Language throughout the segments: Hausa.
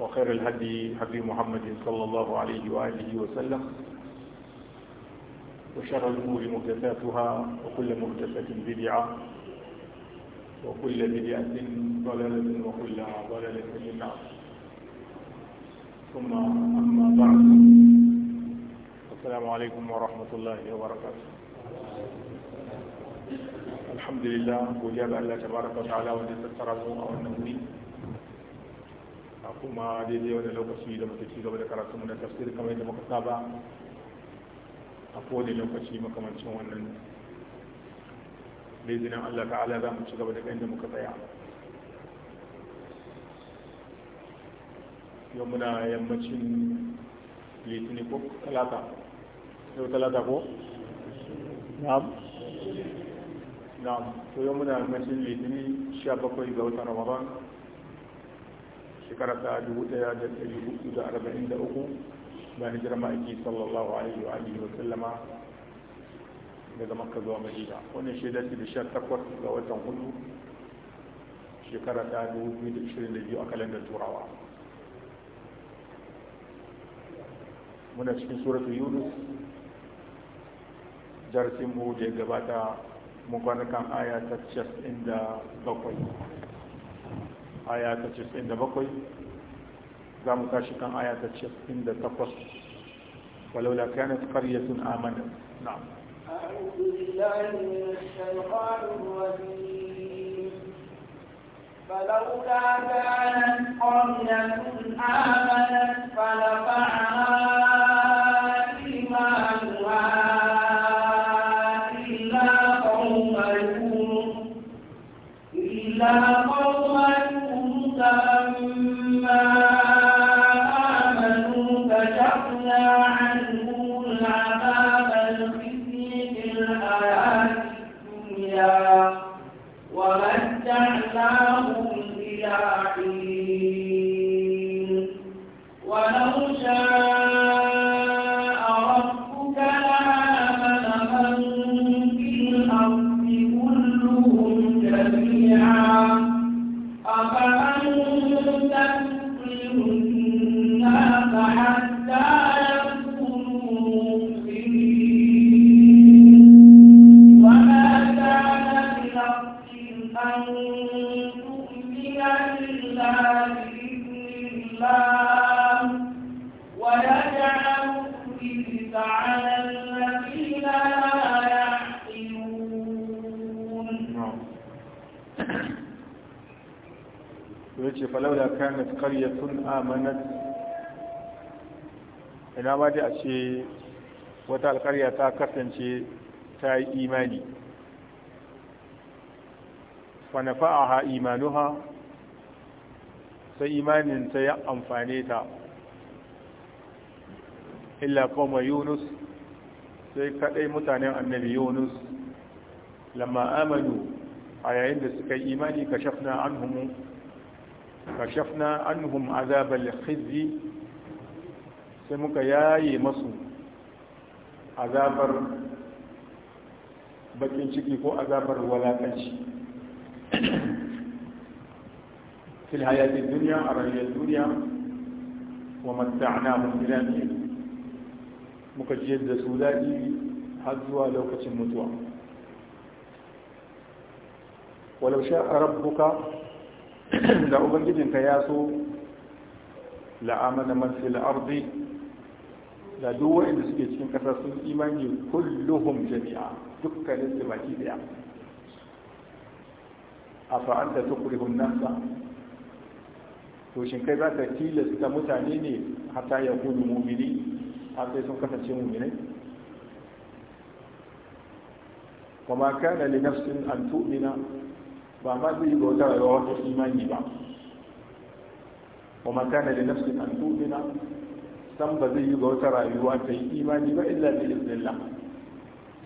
وخير الهدي هدي محمد صلى الله عليه وآله وسلم وشر الأمور محدثاتها وكل محدثة بدعة وكل بدعة ضلالة وكل ضلالة في النار ثم أما بعد السلام عليكم ورحمة الله وبركاته الحمد لله وجاب الله تبارك وتعالى وجزاك الله خيرا a kuma daidai wani lokaci da muke ci gaba da karatu mu na tafsir kamar yadda muka saba a kowane lokaci makamancin wannan da izinin Allah ta'ala za mu ci gaba da da muka tsaya yau muna yammacin litini ko talata yau talata ko? na'am na'am to yau muna yammacin litini 17 ga watan ramadan shekara ta dubu ɗaya da ɗari hudu da arba'in da uku bayan hijirar ma'aiki sallallahu alaihi wa alihi wa sallama daga makka zuwa madina wannan shaida ce da sha takwas ga watan hudu shekara ta dubu biyu da ashirin da biyu a kalandar turawa muna cikin suratu yunus jarsinmu da ya gabata mun kwana kan aya ta da bakwai. aya ta 97 za mu tashi kan aya ta 98 walaula kanat qaryatun amanat na'am أعوذ بالله من الشيطان الرجيم yace da kanat qaryatun amanat ina ma dai a ce wata alƙarya ta kasance ta yi imani fa nafa'aha imanuha sai imanin ta ya amfane ta إلا قوم يونس سيكتئي متعني عن نبي يونس لما آمنوا على عند سكي إيماني كشفنا عنهم كشفنا عنهم عذاب الخزي سيموك ياي مصر عذاب بكين شكيكو عذاب ولا تنشي في الحياة الدنيا عرية الدنيا ومتعناهم بلا ميلو muka ji da su daɗi har zuwa lokacin mutuwa walau sha a rabbuka da ubangijinka ya so la'amana man fil da duk waɗanda suke cikin ƙasar sun imani kulluhum jami'a dukkanin su baki daya a fa'anta tukurihun nasa to shin kai za ta tilasta mutane ne hata ya kudu mumini har sai sun kasance mu'minai kuma kana li nafsin an tu'mina ba ma zai ga wata rayuwa wata imani ba kuma kana li nafsin an tu'mina san ba zai yi ga wata rayuwa ta yi imani ba illa bi iznillah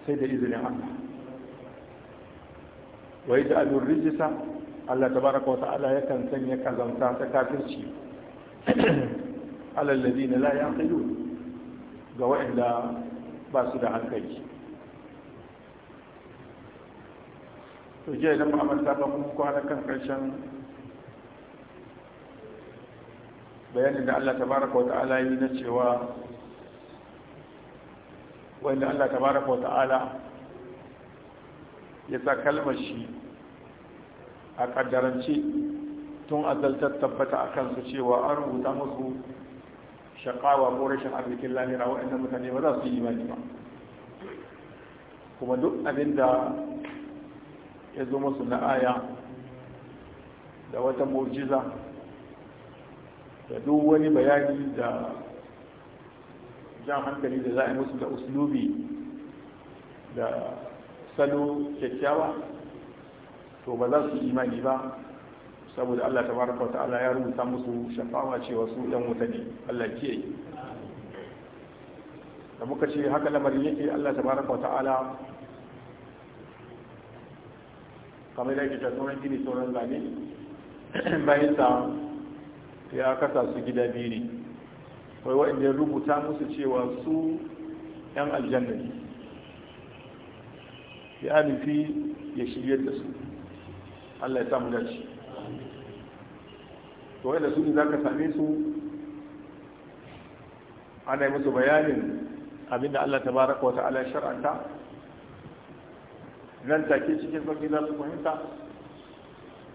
sai da izinin Allah wai da alur rijisa Allah tabaraka wa ta'ala yakan sanya kazanta ta kafirci alal ladina la yaqilun ga waɗanda ba su da hankali to jiya idan mu'amal ta ba kuma kwana kan ƙarshen bayanin da allah tabaraka wa ta'ala yi na cewa wanda allah tabaraka wa ta'ala ya sa kalmar shi a ƙaddarance tun azaltar tabbata a kansu cewa an rubuta musu shakawa ko rashin arzikin lahira waɗannan mutane ba za su yi imani ba kuma duk abin da ya zo masu na aya da wata mujiza da duk wani bayani da jan hankali da za a yi musu da uslubi da salo kyakkyawa to ba za su imani ba saboda Allah baraka wa ta'ala ya rubuta musu shafawa cewa su ɗan wuta ne Allah ke yi da muka ce haka lamarin yake Allah baraka wa ta'ala kamar da yake tattunan gini sauran zane bayan sa ya kasa su gida biyu ne wai waɗanda ya rubuta musu cewa su ‘yan aljanna ne ya nufi ya shirya da su Allah ya samu dace to wanda su ne za ka same su ana yi musu bayanin abinda Allah ta baraka wata ala shar'anta nan take cikin sauƙi za su fahimta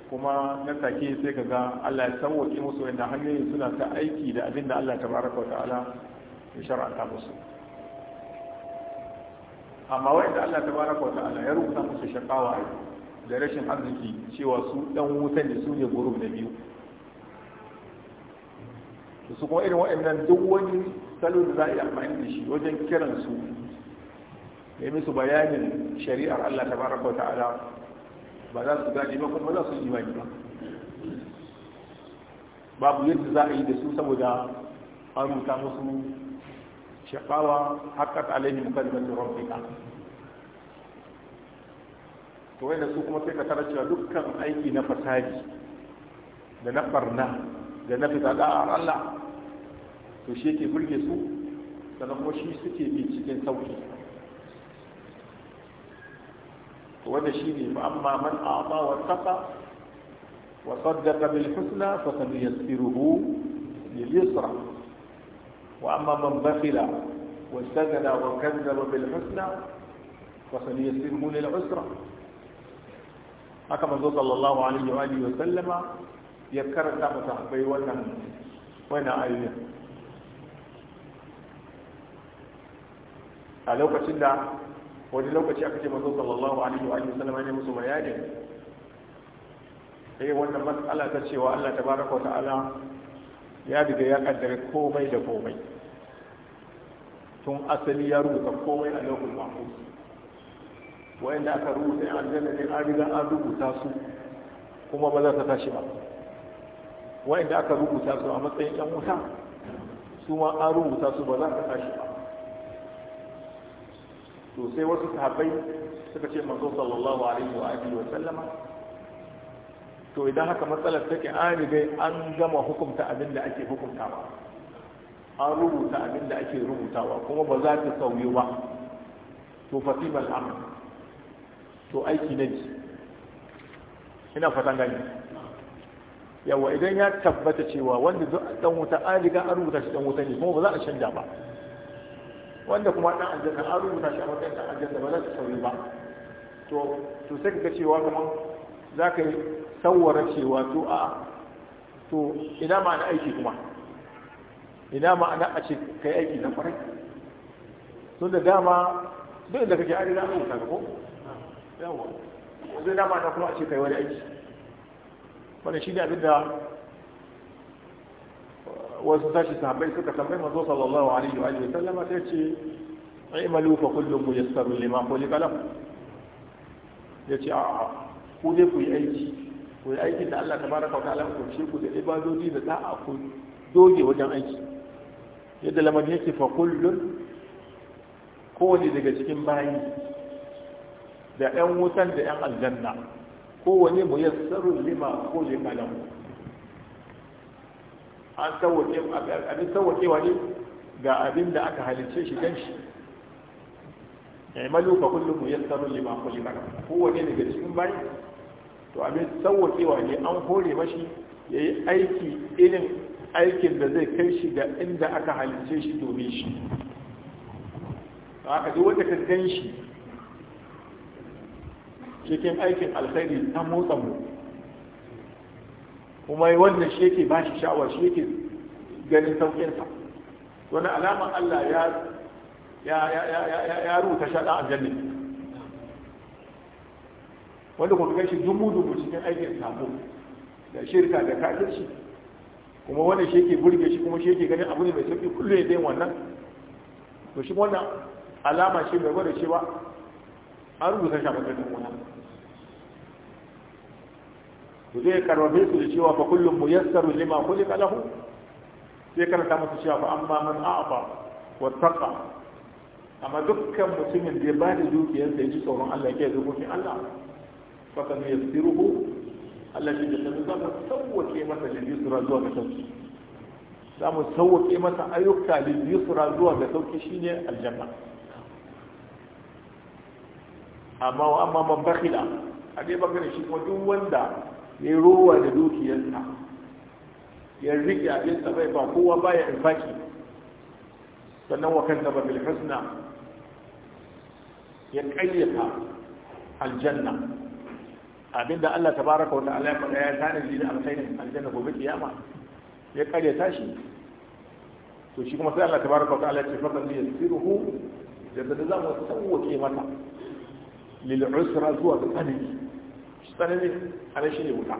kuma nan take sai ka ga Allah ya sauwaƙe musu wanda hanyoyin suna ta aiki da abinda Allah ta baraka wata ala ya shar'anta musu amma wanda Allah ta baraka wata ala ya rubuta musu shakawa da rashin arziki cewa su ɗan wutan da su ne gurub na biyu su kuma irin waɗannan duk wani salo da za a yi amfani da shi wajen kiran su ya musu bayanin shari'ar Allah ta baraka wa ta'ala ba za su gane ba kuma za su yi imani ba babu yadda za a yi da su saboda an rubuta musu shafawa haqqat alaihim kalimatu rabbika to wanda su kuma sai ka tarar cewa dukkan aiki na fasadi da na barna da na fita da'ar Allah to shi yake burge su sannan kuma shi suke bi cikin sauki wanda shi ne amma man a'ata wa taqa wa saddaqa bil husna fa qad yasiruhu lil yusra wa amma man bakhila wa sagada wa kadzaba bil husna fa qad yasiruhu lil usra haka manzo sallallahu alaihi wa alihi wa sallama ya karanta masa bai wannan wannan ayoyin a lokacin da wani lokaci aka ce manzo sallallahu alaihi wa alihi wasallam ne musu bayani sai wannan mas'ala ta cewa Allah tabaraka wa ta'ala ya diga ya kaddara komai da komai tun asali ya rubuta komai a lokacin mahfuz wa'anda aka rubuta yan aljanna ne an riga an rubuta su kuma ba za ta tashi ba wa'anda aka rubuta su a matsayin yan wuta su ma an rubuta su ba za ta tashi ba to sai wasu sahabbai suka ce manzo sallallahu alaihi wa alihi wa sallama to idan haka matsalar take an dai an gama hukunta abin da ake hukuntawa an rubuta abin da ake rubutawa kuma ba za ta sauyi ba to fatimal amr to aiki ne ina fatan gani yawa idan ya tabbata cewa wanda dan wuta an riga an rubuta shi dan wuta ne kuma ba za a canja ba wanda kuma dan aljanna an rubuta shi a matsayin dan aljanna ba za su sauri ba to to sai ka cewa kuma za ka yi sawwara cewa to a to ina ma ana aiki kuma ina ma ana a ce kai aiki na kwarai tun da dama duk da kake arina an rubuta ko yawa yanzu ina ma'ana kuma a ce kai wani aiki Wani shi ne abin da wasu tashi sahabbai suka tambayi manzo sallallahu alaihi wa alihi sallama sai ce i'malu fa kullu muyassarun lima kalam. Ya yace a ku dai ku yi aiki ku yi aiki da Allah tabaraka wa ta'ala ku ce ku da ibadoji da da'a ku doge wajen aiki yadda lamar yake fa ko kowane daga cikin bayi da 'yan wutan da 'yan aljanna kowane mu yassarun lima ko kalam. an sauwake abin wa ne ga abin da aka halicce shi gan shi ya eh, yi maluka kullum mu yassaru lima kulli Kowa kowane daga cikin bayi to abin wa ne an hore mashi ya yi aiki irin aikin da zai kai shi ga inda aka halicce shi domin shi haka duk wata ka gan shi cikin aikin alkhairi ta motsa mu kuma wannan shi yake ba shi sha'awa shi yake ganin sauƙinsa wani alama Allah ya ya rubuta shaɗa a jannin wanda kuma shi dubu-dubu cikin aikin sabo da shirka da kafirci kuma wannan shi yake burge shi kuma shi yake ganin abu ne mai sauƙi kullum ya dai wannan to shi wannan alama shi mai gwada cewa an rubuta shi a jannin wannan to zai karbabe su da cewa fa kullum muyassaru lima khuliqa lahu sai karanta musu cewa fa amma man Wa wattaqa amma dukkan mutumin da ya ba da dukiyarsa ya ji tsoron Allah ya zubuci Allah fa kan yassiruhu Allah shi da sanin za mu sauwake masa da yusra zuwa ga sauki za mu sauwake masa ayyuka lil-yusra zuwa ga sauki shine aljanna amma wa amma man bakhila a dai bangare shi ko duk wanda ya ruwa da dukiyarsa ya rike abin bai ba kowa baya infaki sannan wa kanta ba bilhusna ya kayyata aljanna abinda Allah tabaraka wa ta'ala ya faɗa ya tanaji da alkhairin aljanna gobe kiyama ya karyata shi to shi kuma sai Allah ta tabaraka wa ta'ala ya ce fa ban yasiruhu da da zamu sauke mata lil usra zuwa ga tsanani tsanani a nan shi ne wuta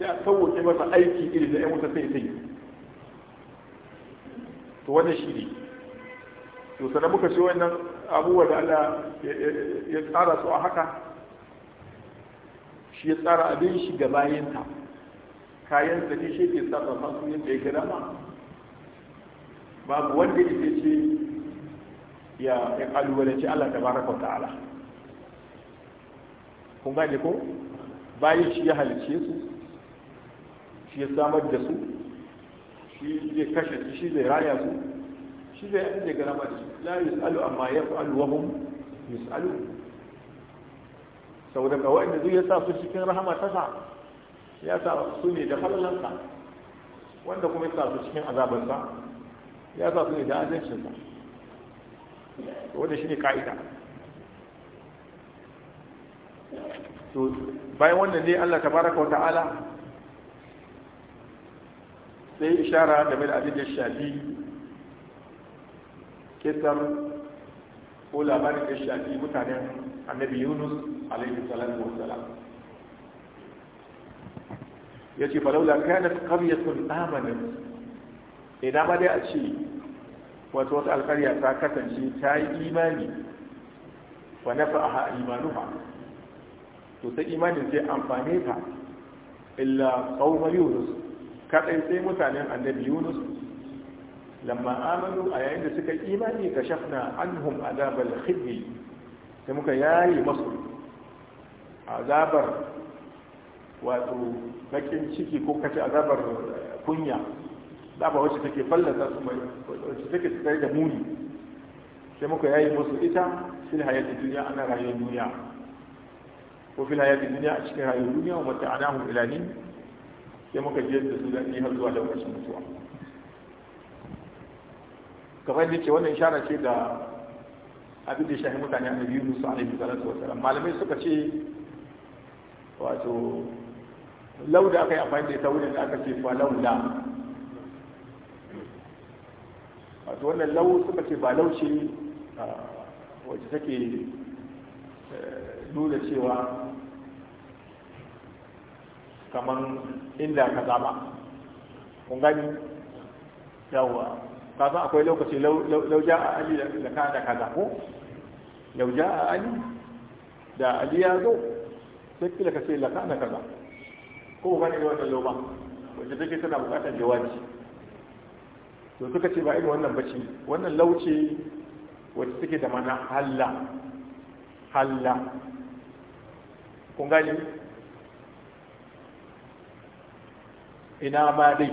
Ya a sauwake masa aiki iri da 'yan wuta sai sai to wannan shi ne to sannan muka ce wannan abubuwa da Allah ya tsara su a haka shi ya tsara abin shi ga bayanta kayan sa ne shi ke sarrafa masu yadda ya gada ma babu wanda ya ce ya kalubalanci Allah tabaraka wa ta'ala kun gane ko bayan shi ya halice su shi ya samar da su shi zai kashe su shi zai raya su shi zai abin da gara ma da su la yus'alu amma yaf'alu wa yi yus'alu Sau daga wanda zai ya sa su cikin rahama ta sa ya sa su ne da falalansa wanda kuma ya sa su cikin azabansa ya sa su ne da azancin sa shi ne ka'ida to bayan wannan ne Allah tabaraka wa ta'ala sai ishara da da abin da shafi kisar ko labarin da shafi mutanen annabi yunus alaihi salatu wa salam ya ce falaula kanat qaryatun amanat ina eh, ma dai a ce wato wata alƙarya ta kasance ta yi imani wa nafa'aha imanuha to sai imanin sai amfane ta illa qauma yunus kadai sai mutanen annabi yunus lamma amanu a yayin da suka imani kashafna anhum azabal khizi sai muka yayi musu azabar wato bakin ciki ko kace azabar kunya ba wacce take fallasa su mai wacce take tsaye da muni sai muka yayi musu ita fil hayati duniya ana rayuwar duniya ko fil hayati duniya a cikin rayuwar duniya wa ana ila ilani sai muka je da su daɗi har zuwa lokacin mutuwa kamar da ce wannan shara ce da abin da shahi mutane a biyu musu alaihi salatu ran malamai suka ce wato lauda aka yi amfani da ita wurin da aka ce fa lauda wato wannan lau suka ce ba lau ce wacce take eh, nuna cewa kamar inda ka zaba kun gani yawa ka san akwai lokaci lauja a ali da ka da kaza ko lauja a ali da ali ya zo sai kila ka ce laka na kaza ko ba ne da wannan loba wanda take tana bukatar jawabi to suka ce ba irin wannan bace wannan lauce wacce take da mana halla halla kun ina ma dai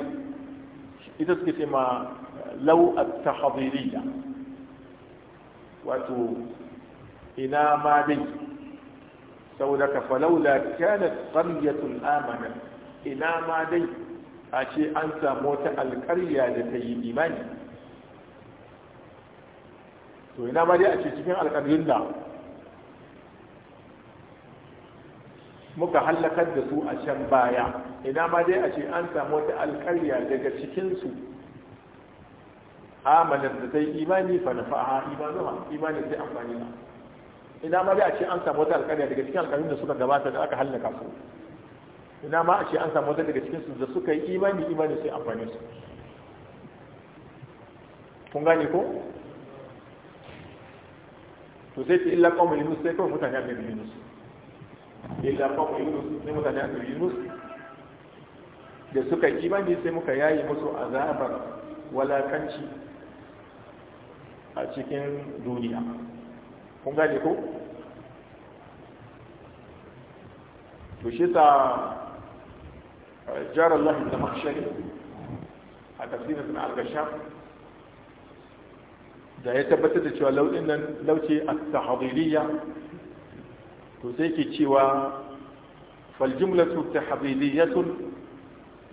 ita suke ce ma eh, lau a tahadiriya wato ina ma dai saboda ka falaula kanat qaryatun amana ina ma dai a ce an samu wata alƙarya da ta yi imani to ina ma dai a ce cikin alƙaryun da muka hallakar da su a can baya ina ma dai a ce an samu wata alƙarya daga cikinsu amanar da ta imani fa na fa'a imanuwa imanin zai amfani ba ina ma dai a ce an samu wata alƙarya daga cikin alƙaryun da suka gabata da aka hallaka su ina ma a ce an samu wata daga cikinsu da suka yi imani imanin sai amfani su kun gane ko to sai fi illa kawai musu sai kawai mutane a mai musu illa yunus sai mutane yunus da suka imani sai muka yayi musu azabar walakanci a cikin duniya kun gane ko to shi ta eh, jar Allah da makshari a tafsirin suna al da ya tabbatar da cewa lauɗin nan lauce a tahadiriya to sai ke cewa fal jumlatu tahdhiliyatun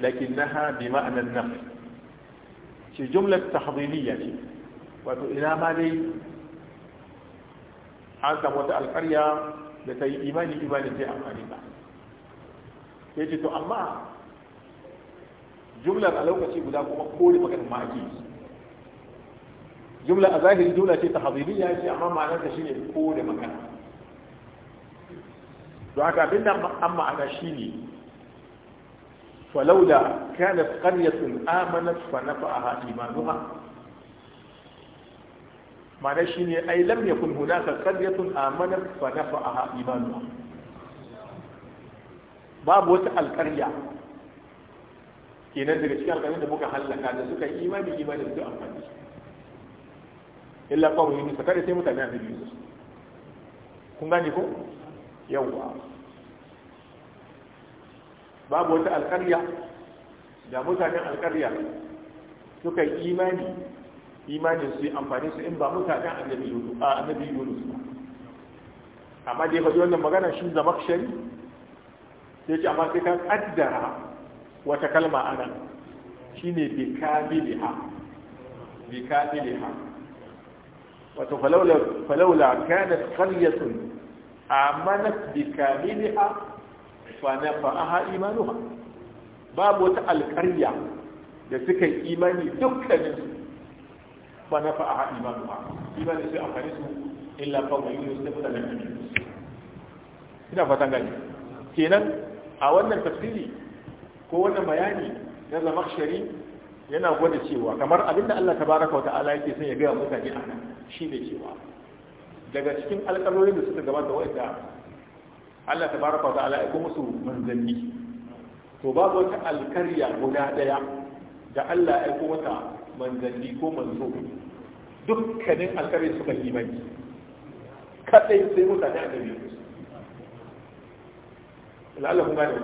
lakinnaha bi ma'na an-naf ce jumlat tahdhiliyya ce wato ina ma dai an samu wata alƙarya da ta yi imani imani sai amfani ba sai ce to amma jumlar a lokaci guda kuma kore maganin ma ake jumla a zahiri jumla ce ta haziliya ce amma ma'anarta shine kore magana to haka abin da amma ana shine falaula kanat qaryatun amanat fa nafa'aha imanuha ma'ana shine ai lam yakun hunaka qaryatun amanat fa nafa'aha imanuha babu wata alƙarya kenan daga cikin alƙaryar da muka hallaka da suka yi imani imani da amfani illa qawmi yunus kada sai mutane da yunus kun gane ko yawwa babu wata alƙarya da mutanen alƙarya suka yi imani imanin su yi amfani su in ba mutanen annabi yunus ba amma da ya faɗi wannan magana shi zama shari sai ce amma sai ka ƙaddara wata kalma a nan shi ne bi kamiliha bi ha, wato falaula kanat qaryatun amanat bi kamiliha fa nafa'aha imanuha babu wata alƙarya da suka yi imani dukkanin su fa nafa'aha imanuha imani sai amfani su illa fa wa yunus da mutanen ina fatan gani kenan a wannan tafsiri ko wannan bayani na zamakshari yana gwada cewa kamar abinda Allah tabaraka wa ta'ala yake son ya ga mutane a nan shine cewa daga cikin alƙalorin da suka gabata wa'anda Allah ta baraka ta ala ko musu manzanni to babu wata alkarya guda daya da Allah ya aiko wata manzanni ko manzo dukkanin alkarya suka yi mai kadai sai mutane a gari Allah kuma da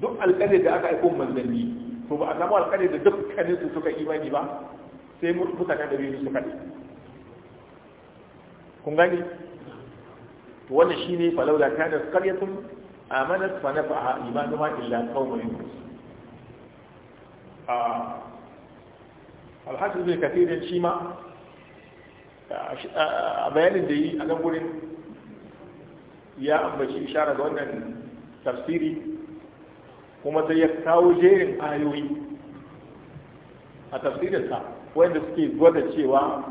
duk alkarya da aka aiko manzanni to ba a samu alkarya da dukkanin su suka imani ba sai mutane da biyu suka yi kun gani to wannan shine falawla kana qaryatun amanat fa nafa'a imanuha illa qaumun a alhasib bi kathirin shi ma a bayanin da yi a nan gurin ya ambaci ishara da wannan tafsiri kuma sai ya kawo jerin ayoyi a tafsirinsa wanda suke gwada cewa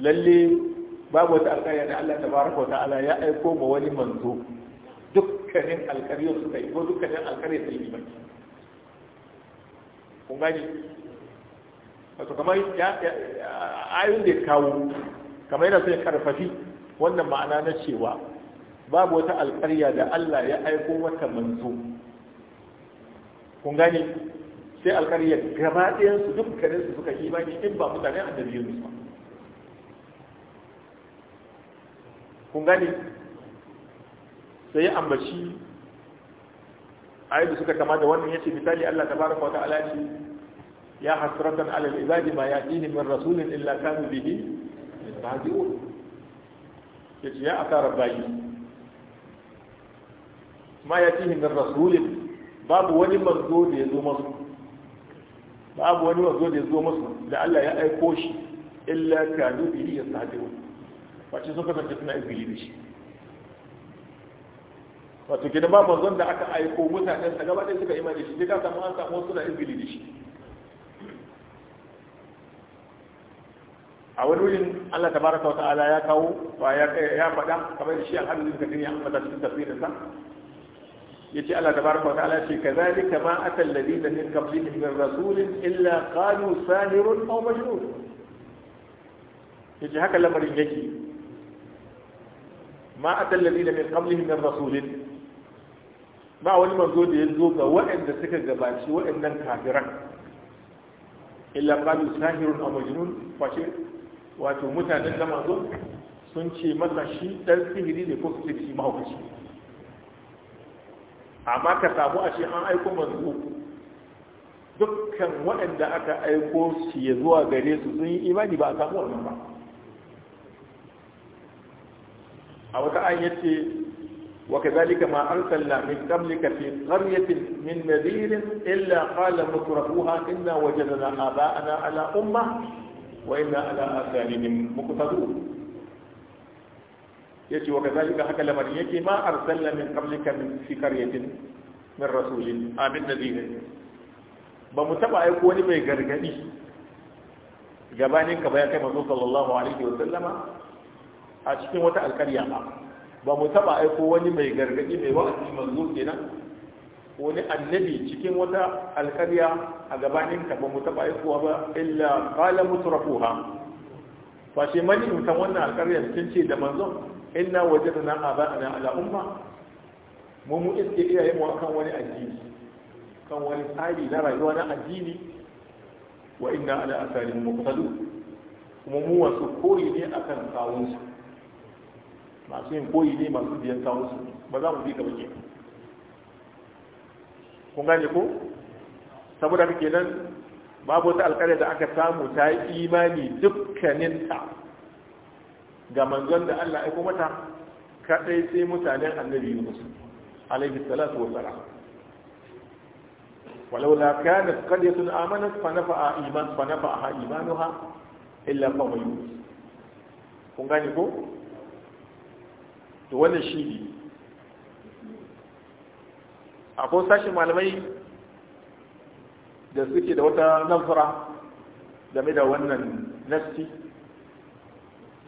lalle babu wata alƙarya da Allah tabaraka wa ta'ala ya aiko ma wani manzo dukkanin alƙaryar suka yi ko dukkanin alƙaryar ta yi baki kun gani wato kamar ayun da ya kawo kamar yana son karfafi wannan ma'ana na cewa babu wata alƙarya da Allah ya aiko mata manzo kun gani sai alƙaryar gaba su dukkanin su suka yi baki in ba mutane a Yunus ba kun gani sai ya ambaci ayyuka suka kama da wannan yace misali Allah tabaraka wa ta'ala shi ya hasratan ala al-ibadi ma ya'tihim min rasulin illa kanu bihi yastahzi'un yace ya asara rabbayi ma ya'tihim min rasulin babu wani manzo da ya zo masu babu wani manzo da ya zo masu da Allah ya aiko shi illa kanu bihi yastahzi'un face sun kasance suna izgili da shi wato gidan ba manzon da aka aiko mutanen da gaba ɗaya suka imani shi sai ka samu an samu suna izgili da shi a wani wurin Allah tabaraka wa ta'ala ya kawo ba ya faɗa kamar shi al-hadith da kafin ya ambata cikin tafsirin sa ce Allah tabaraka wa ta'ala ce ka kazalika ma ata alladhina min qablihim min rasulun illa qalu sahirun aw Ya ce haka lamarin yake ma a atal ladina min qablihim min rasulin ba wani manzo da ya zo ga waɗanda suka gabaci waɗannan kafiran illa qalu sahirun aw majnun fashe wato mutanen da manzo sun ce masa shi ɗan sihiri ne ko su ce shi mahaukaci amma ka samu a ce an aiko manzo dukkan waɗanda aka aiko shi ya zuwa gare su sun yi imani ba a samu wannan ba a wata an yace wa kadhalika ma arsalna min qablika fi qaryatin min nadirin illa qala mutrafuha inna wajadna aba'ana ala umma wa inna ala atharihim muqtadun yace wa kadhalika haka lamarin yake ma arsalna min qablika min fi qaryatin min rasulin abin nadirin ba mu taba aiko wani mai gargadi gabanin ka ba ya kai manzo sallallahu alaihi wa sallama a cikin wata alkarya ba ba mu taba aiko wani mai gargadi mai wa'azi manzo kenan wani annabi cikin wata alkarya a gabanin ka ba mu taba aikowa ba illa qala mutrafuha fa shi mani mutan wannan alkaryar kin ce da manzo inna wajadna aba'ana ala umma mu mu iske iyaye mu akan wani addini kan wani tsari na rayuwa na addini wa inna ala asalin muqtadu kuma mu wasu koyi ne akan kawunsu masu yin koyi ne masu biyan sawun su ba za mu bi ka ba ke kun gane ko saboda kake nan babu wata alkalai da aka samu ta yi imani dukkaninta ga manzon da Allah aiko mata kadai sai mutanen annabi Yunus alaihi salatu wassalam ولولا كانت قرية fa فنفع إيمان فنفعها إيمانها إلا قوم يونس kun gane ko to wannan shi ne akwai sashen malamai da suke da wata nazara game da wannan nassi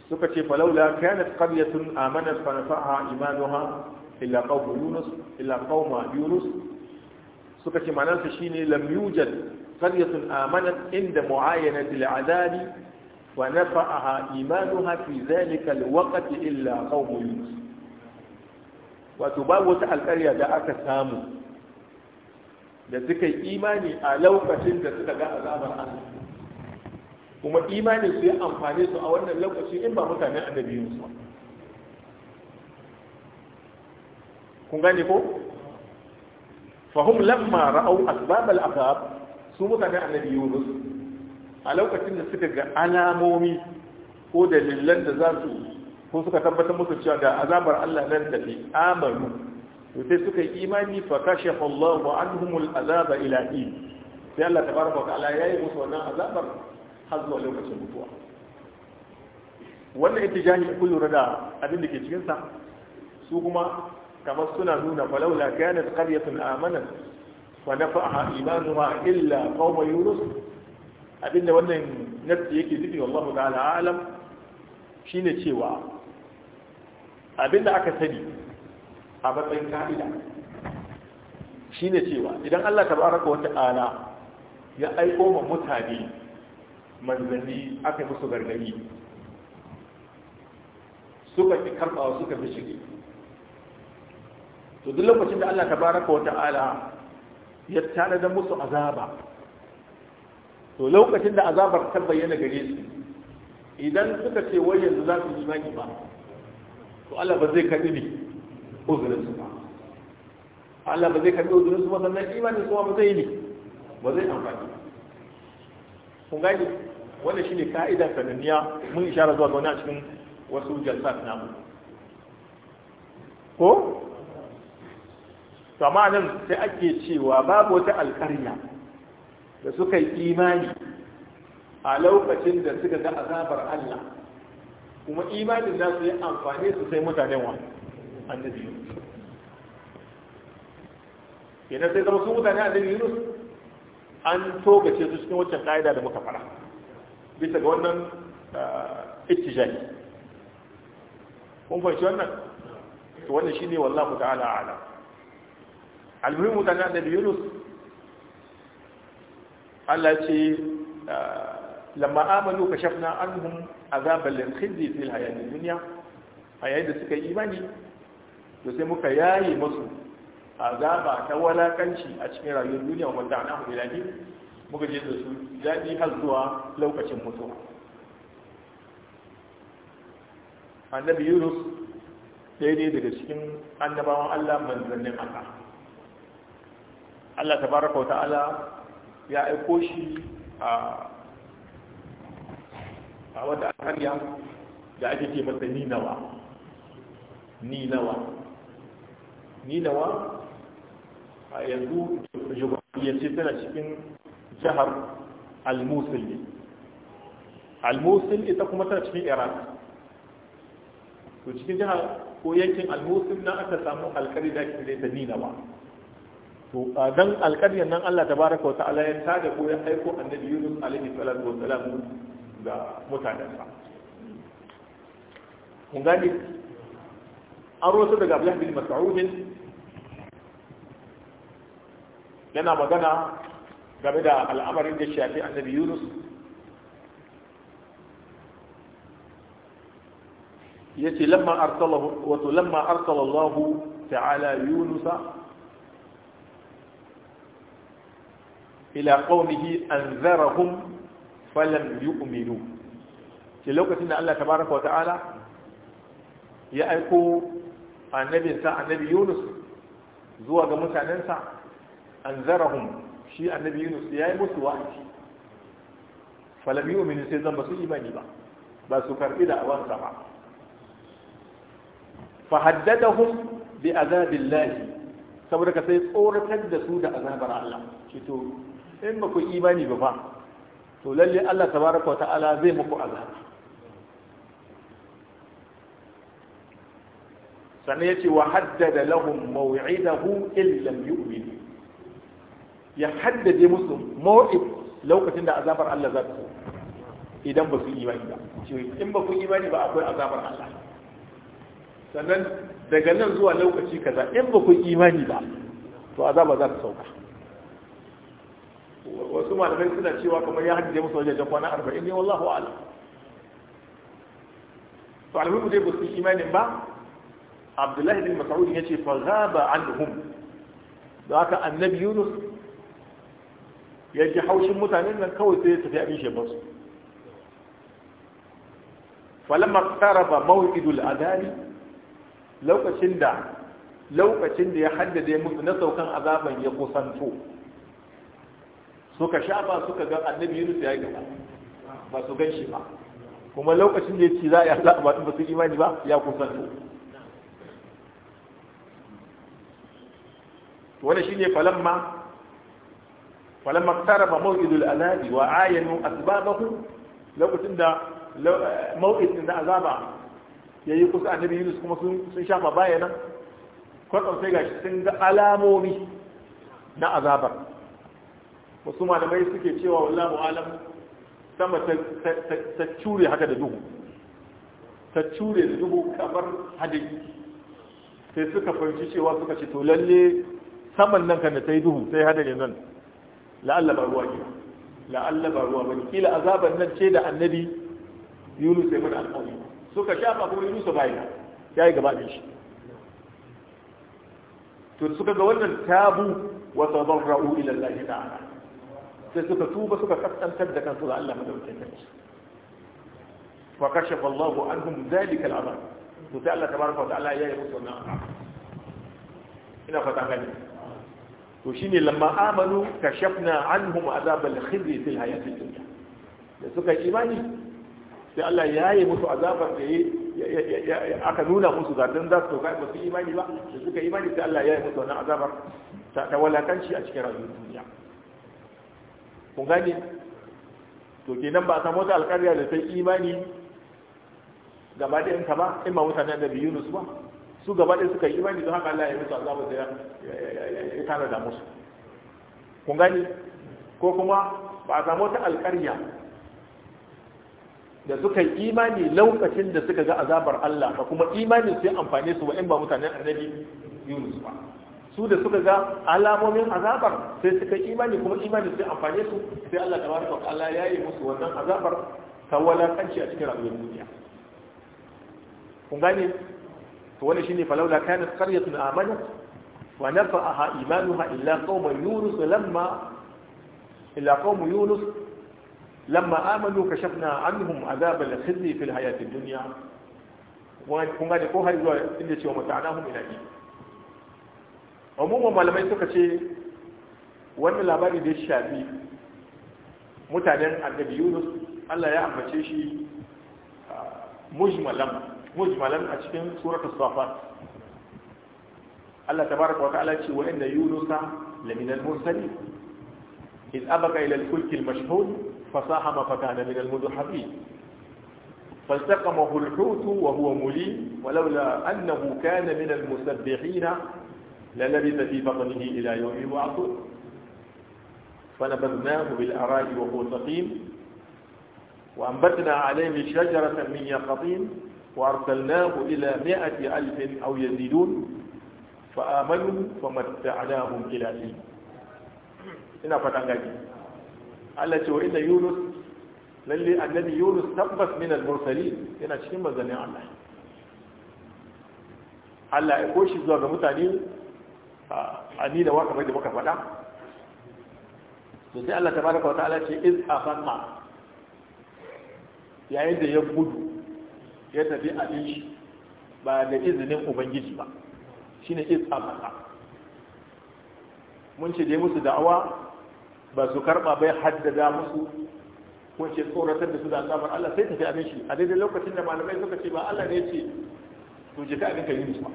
suka ce falaula kanat qaryatun amanat fa nafa'aha imanuha illa qawm yunus illa qawma yunus suka ce ma'anar ta shine lam yujad qaryatun amanat inda mu'ayanati al'adabi wa nafa'aha imanuha fi dhalika al-waqti illa qawm yunus wato babu wata alƙarya da aka samu da suka yi imani a lokacin da suka ga azabar Allah kuma imanin su ya amfane su a wannan lokaci in ba mutanen annabiyun su kun gane ko fahim lamma ra'au asbab al-azab su mutanen annabiyun a lokacin da suka ga alamomi ko dalilan da za su Kun suka tabbatar musu cewa ga azabar Allah nan tafi amanu to sai suka yi imani fa kashafa Allah wa anhumul azaba ila hin sai Allah tabaraka wa ta'ala yayi musu wannan azabar har zuwa lokacin mutuwa wannan ittijahi ku lura da abin da ke cikin sa su kuma kamar suna nuna falaula kanat qaryatun amanat wa nafa'aha imanuha illa qauma yunus abinda wannan nafsi yake nufi wallahu ta'ala alam shine cewa abinda aka sani a matsayin ka'ida shine cewa idan Allah tabaraka wata ala ya aiko ma mutane manzanni aka musu gargadi suka ki karbawa suka fi shige to duk lokacin da Allah tabaraka wata ala ya da musu azaba to lokacin da azabar ta bayyana gare su idan suka ce wai yanzu za su yi imani ba to Allah ba zai kaɗi ne uzurin su ba Allah ba zai kaɗi uzurin su ba sannan imanin su ba zai ne ba zai amfani kun gani wannan shine ka'ida sananniya mun ishara zuwa zaune a cikin wasu jalsat namu ko kama nan sai ake cewa babu wata alƙarya da suka yi imani a lokacin da suka ga azabar Allah kuma imanin za su yi amfani su sai mutanen wa annabi yunus yana sai zama su mutane annabi yunus an togace su cikin waccan ka'ida da muka fara bisa ga wannan ah, ittijai kun fahimci wannan to wannan shine wallahu ta'ala ala almuhim mutane annabi yunus Allah ce ah, lamma amanu kashafna anhum azabal khizi fil hayatid dunya hayayi da suka yi imani to sai muka yaye musu azaba ta walakanci a cikin rayuwar duniya wa mata na hudu muka je da su daɗi har zuwa lokacin mutuwa annabi yunus ɗaya ne daga cikin annabawan allah manzannin allah allah tabaraka wa ta'ala ya aiko shi a a wata karya da ake ce masa ninawa ninawa ninawa a yanzu yuguriyar ce tana cikin jihar al-musul ne al-musul ita kuma tana cikin iraq to cikin jihar ko yankin al-musul na aka samu alkari da ake ta ninawa to dan alkariyar nan Allah tabaraka wa ta'ala ya tada ko ya aiko annabi Yunus alaihi salatu wa salam ga mutanensa kun gani an rosa daga abu bin mas'udin yana magana game da al'amarin da shafi annabi yunus yace lamma arsalahu wato lamma arsala Allah ta'ala yunusa. ila qaumihi anzarahum falam yu'minu ke lokacin da Allah tabaraka wa ta'ala ya aiko annabinsa annabi Yunus zuwa ga mutanensa anzarahum shi annabi Yunus ya yi musu wa'azi falam yu'minu sai zan ba su imani ba ba su karbi da awansa ba fa haddadahum bi azabillahi saboda ka sai tsoratar da su da azabar Allah shi to in ba ku imani ba fa to lalle Allah tabaraka wa ta'ala zai muku azabi sannan ya ce wa haddada lahum maw'idahu illam yu'min ya haddade musu maw'id lokacin da azabar Allah za ta zo idan ba su imani ba in ba ku imani ba akwai azabar Allah sannan daga nan zuwa lokaci kaza in ba ku imani ba to azaba za ta sauka wasu malamai suna cewa kamar ya haddace musu wajen kwana arba'in ne wallahu a'lam to alhamdu dai ba su imanin ba abdullahi bin mas'ud ya ce fa ghaba anhum da haka annabi yunus ya ji haushin mutanen nan kawai sai ya tafi abin shebar su falamma qaraba mawqidul adani lokacin da lokacin da ya haddade musu na saukan azaban ya kusanto suka shafa suka ga annabi yunus ya yi gaba ba su gan shi ba kuma lokacin da ya ce za a yi Allah ba ba su imani ba ya kusanto wani shine falamma falamma ba maw'idul anabi wa ayanu asbabahu lokacin da maw'idin da azaba yayi kusa annabi Yunus kuma sun shafa bayanan kwatsam sai gashi sun ga alamomi na azabar wasu malamai suke cewa wallahu alam sama ta cure haka da duhu ta cure da duhu kamar hadin sai suka fahimci cewa suka ce to lalle saman nan kan da ta yi duhu sai hadarin nan la'alla ba ruwa ke la'alla ba ruwa ba kila azaban nan ce da annabi yunus sai mana alƙawari suka shafa kuma yunus ba ya ya yi gaba shi to suka ga wannan tabu wa tadarra'u ila Allah ta'ala sai suka tuba suka kaskantar da kansu ga Allah madaukakin sarki wa kashafa Allah anhum zalika al'azab to sai Allah tabaraka wa ta'ala ya yi musu wannan ina fata gani to shine lamma amanu kashafna anhum azab al-khizy fil hayat ad-dunya da suka imani sai Allah ya yi musu azabar da aka nuna musu zaton za su kai musu imani ba da suka imani sai Allah ya yi musu wannan azabar ta walakanci a cikin rayuwar duniya kun gane to kenan ba a samu wata alƙarya da sai imani gaba da yanka ba in ba mutanen da biyu ba su gaba da suka yi imani don haka Allah ya musu azabu da ya tana da musu kun gane ko kuma ba a samu wata alƙarya da suka yi imani lokacin da suka ga azabar Allah ba kuma imanin sai amfane su ba in ba mutanen annabi Yunus ba su da suka ga alamomin azabar sai suka imani kuma imani sai amfane su sai Allah tabaraka wa allah ya yi musu wannan azabar ta walakanci a cikin rayuwar duniya kun gane to wani shine falaula kanat qaryatun amanat wa nafa'aha imanuha illa qauma yunus lamma illa qauma yunus lamma amanu kashafna anhum azab al-khizy fi al-hayat ad-dunya wa kun gane ko har zuwa inda cewa mata'anahum ila umuman malamai suka ce wannan labari da ya shafi mutanen annabi yunus allah ya ambace shi mujmalan mujmalan a cikin suratu safat allah tabaraka wa ta'ala ce wa inna yunusa lamina al-mursalin iz abaka ila al-fulk al-mashhud fasahama fakana min al-mudhabbin فالتقمه الحوت وهو مليم ولولا أنه كان من المسبحين للبث في بطنه إلى يوم وعطول فنبذناه بالأراء وهو سقيم وأنبتنا عليه شجرة من يقطين وأرسلناه إلى مائة ألف أو يزيدون فآمنوا فمتعناهم إلى حين إن فتح نجي ألا يونس للي الذي يونس تبث من المرسلين إن أشهر مزني الله ألا إخوشي زوغ متعنين a ni da waka mai da muka faɗa to ta Allah da wa ta'ala ce iz afanna yayin da ya gudu ya tafi a shi ba da izinin ubangiji ba shi ne iz afanna mun ce dai musu da'awa ba su karɓa bai haddada musu Mun ce tsoratar da su da alamar Allah sai tafi abin shi a daidai lokacin da malamai suka ce ba Allah ne ya ce to je ka abin ka yi musu ba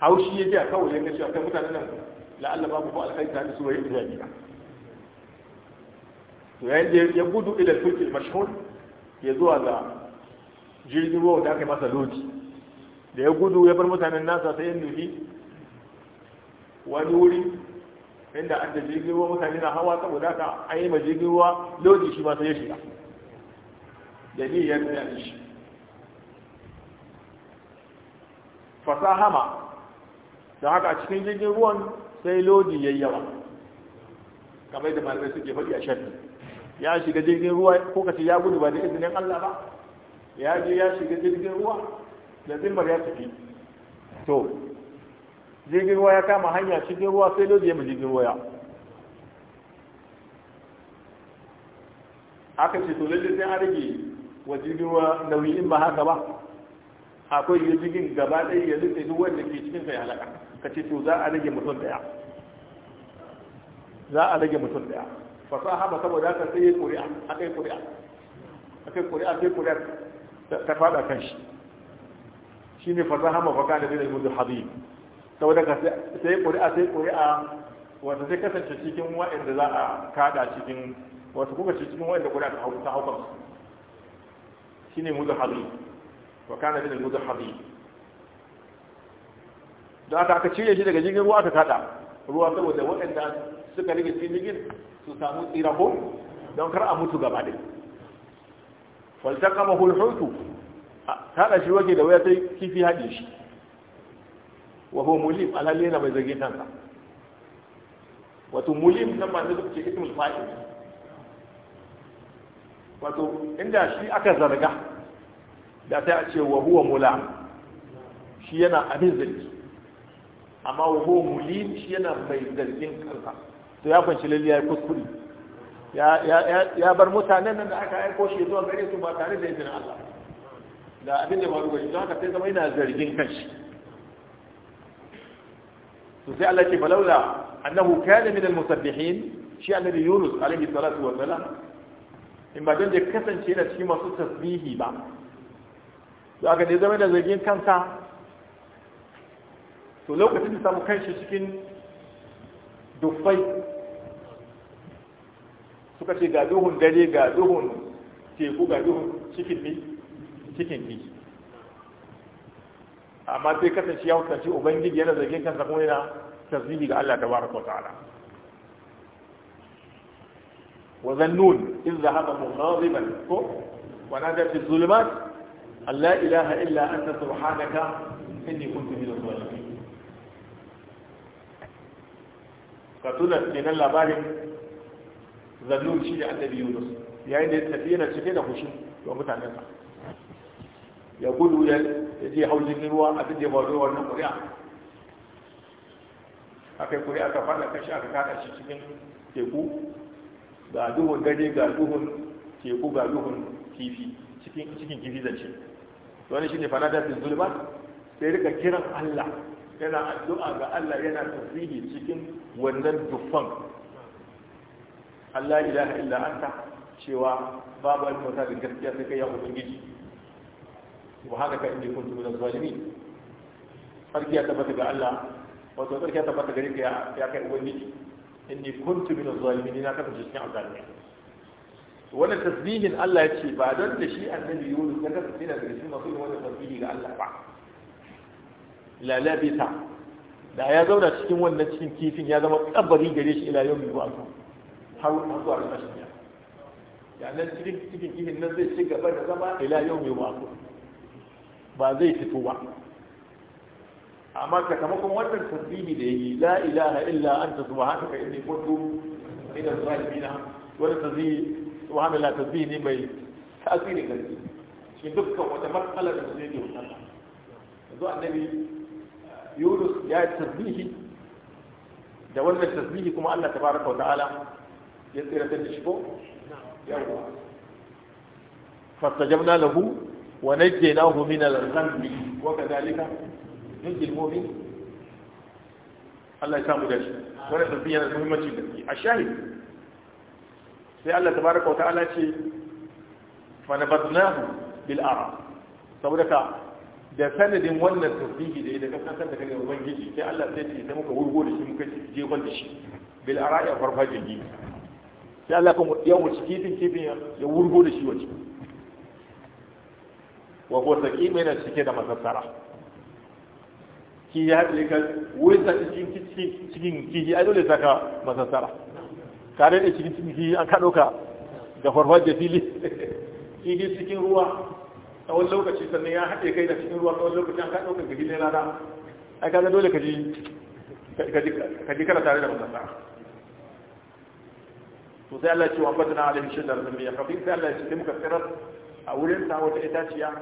haushi ya jiya kawai shi gashi kai mutanen nan la'alla babu ko alkhairi ta su bai da ba to yayin da ya gudu ila turki mashhur ya zuwa ga jirgin ruwa da aka masa loji, da ya gudu ya bar mutanen nasa sai ya nufi wani wuri inda an da jirgin ruwa mutane na hawa saboda ka an yi ma jirgin ruwa lodi shi ma sai ya shiga da ni ya tsaya shi fasahama da haka a cikin jirgin ruwan sai lodi ya yawa kamar da malamai suke faɗi a shafi ya shiga jirgin ruwa ko kace ya gudu ba da izinin Allah ba ya je ya shiga jirgin ruwa da zimmar ya tafi to jirgin ruwa ya kama hanya cikin ruwa sai lodi ya mu jirgin ruwa aka ce to lalle sai an rage wa jirgin ruwa nauyi in ba haka ba akwai jirgin gaba ɗaya ya rufe duk wanda ke cikin sai halaka ka ce to za a rage mutum daya za a rage mutum daya fasaha ba saboda haka sai ya kuri'a akai kuri'a akai kuri'a sai kuri'a ta fada kan shi shine fasaha ma faka da bin mudhadib saboda ka sai kuri'a sai kuri'a wanda zai kasance cikin wa'anda za a kada cikin wasu kuka ce cikin wa'anda kuri'a ta hauka shine mudhadib wa kana bin mudhadib don haka aka cire shi daga jirgin ruwa ta kada ruwa saboda waɗanda suka rike cikin jirgin su samu tsira ko don kar a mutu gaba ɗin kama hulhutu kada shi waje da waya sai kifi haɗe shi wa huwa mulim alhali yana mai zage kansa wato mulim nan ba ne ce ismul fa'il wato inda shi aka zarga da sai a ce wa huwa mulam shi yana abin zargi amma wuhu mulim shi yana mai zargin kanka to ya kwanci lalle ya yi kuskure ya bar mutanen nan da aka aiko shi zuwa gare su ba tare da izinin Allah da abin da faru gashi don haka sai zama yana zargin kanshi to sai Allah ke balaula annahu kana min al-musabbihin shi annabi Yunus alayhi salatu wa salam in ba dan da kasance yana cikin masu tasbihi ba to aka ne zama da zargin kansa to lokacin da samu kanshi cikin dufai suka ce ga duhun dare ga duhun teku ga duhun cikin ne cikin ne amma sai kasance ya hukunci ubangiji yana zargin kansa kuma yana tasbihi ga Allah tabaraka wa ta'ala wa zannun in zahaba mughadiban ko wa nada fi zulumat alla ilaha illa anta subhanaka inni kuntu min. ka tuna kenan labarin zannun shi da annabi yunus yayin da ya tafi yana cike da kushi wa mutanensa ya gudu ya je hau jirgin ruwa a cikin ya wannan ƙuri'a aka ƙuri'a ka fada kashi aka kada shi cikin teku ga duhun gare ga duhun teku ga duhun kifi cikin kifi zance wani shi ne fanadar da zulma sai rika kiran allah yana addu'a ga Allah yana tafiye cikin wannan dufan Allah ilaha illa anta cewa babu wani mota da gaskiya sai kai ya ubangiji ka inda kuntu minaz zalimi sarki ya tabbata ga Allah wato sarki ya tabbata gare ka ya kai ubangiji inni kuntu minaz zalimin na kasance cikin azalimi wannan tasbihin Allah ya ce ba don da shi annabi Yunus ya kasance da shi masu yin wannan tasbihi ga Allah ba lalabita da ya zauna cikin wannan cikin kifin ya zama kabari gare shi ila yau ba su har zuwa rashin ya ya nan cikin cikin kifin nan zai ci gaba da zama ila yau ba su ba zai fito ba amma sakamakon wannan tasbihi da yayi la ilaha illa anta subhanaka inni kuntu min az-zalimin wala tasbihi subhanallah tasbihi ne mai tasiri gaske shi dukkan wata matsala da zai yi wannan yanzu annabi ya yi tasbihi da wannan tasbihi kuma Allah ta tabaraka wa ta'ala ya tsira da shi ko yawa fastajabna lahu wa najjaynahu min al-ghammi wa kadhalika nunji al-mu'min Allah ya samu da shi wannan tasbihi yana da muhimmanci da shi a shahid sai Allah tabaraka wa ta'ala ce fa nabadnahu bil ara saboda ka da sanadin wannan tasbihi da ka kasance da kan ubangiji sai Allah sai ce sai muka wurgo da shi muka kwal da shi bil ara'i farfajin gi sai Allah kuma ya wuce kifin kifin ya wurgo da shi wace wa ko saki mai na cike da masassara ki ya ce ka wai sa cikin cikin kihi ai dole saka masassara kare da cikin cikin kihi an ka doka da farfajin fili kihi cikin ruwa tsawon lokaci sannan ya haɗe kai da cikin ruwa tsawon lokaci an ka ɗaukar ka gidan rana ai kaga dole ka ji ka ji tare da matasa to sai Allah ce wa batna da shajar min yaqin sai Allah ya ce muka tsirar a wurin ta wata itaciya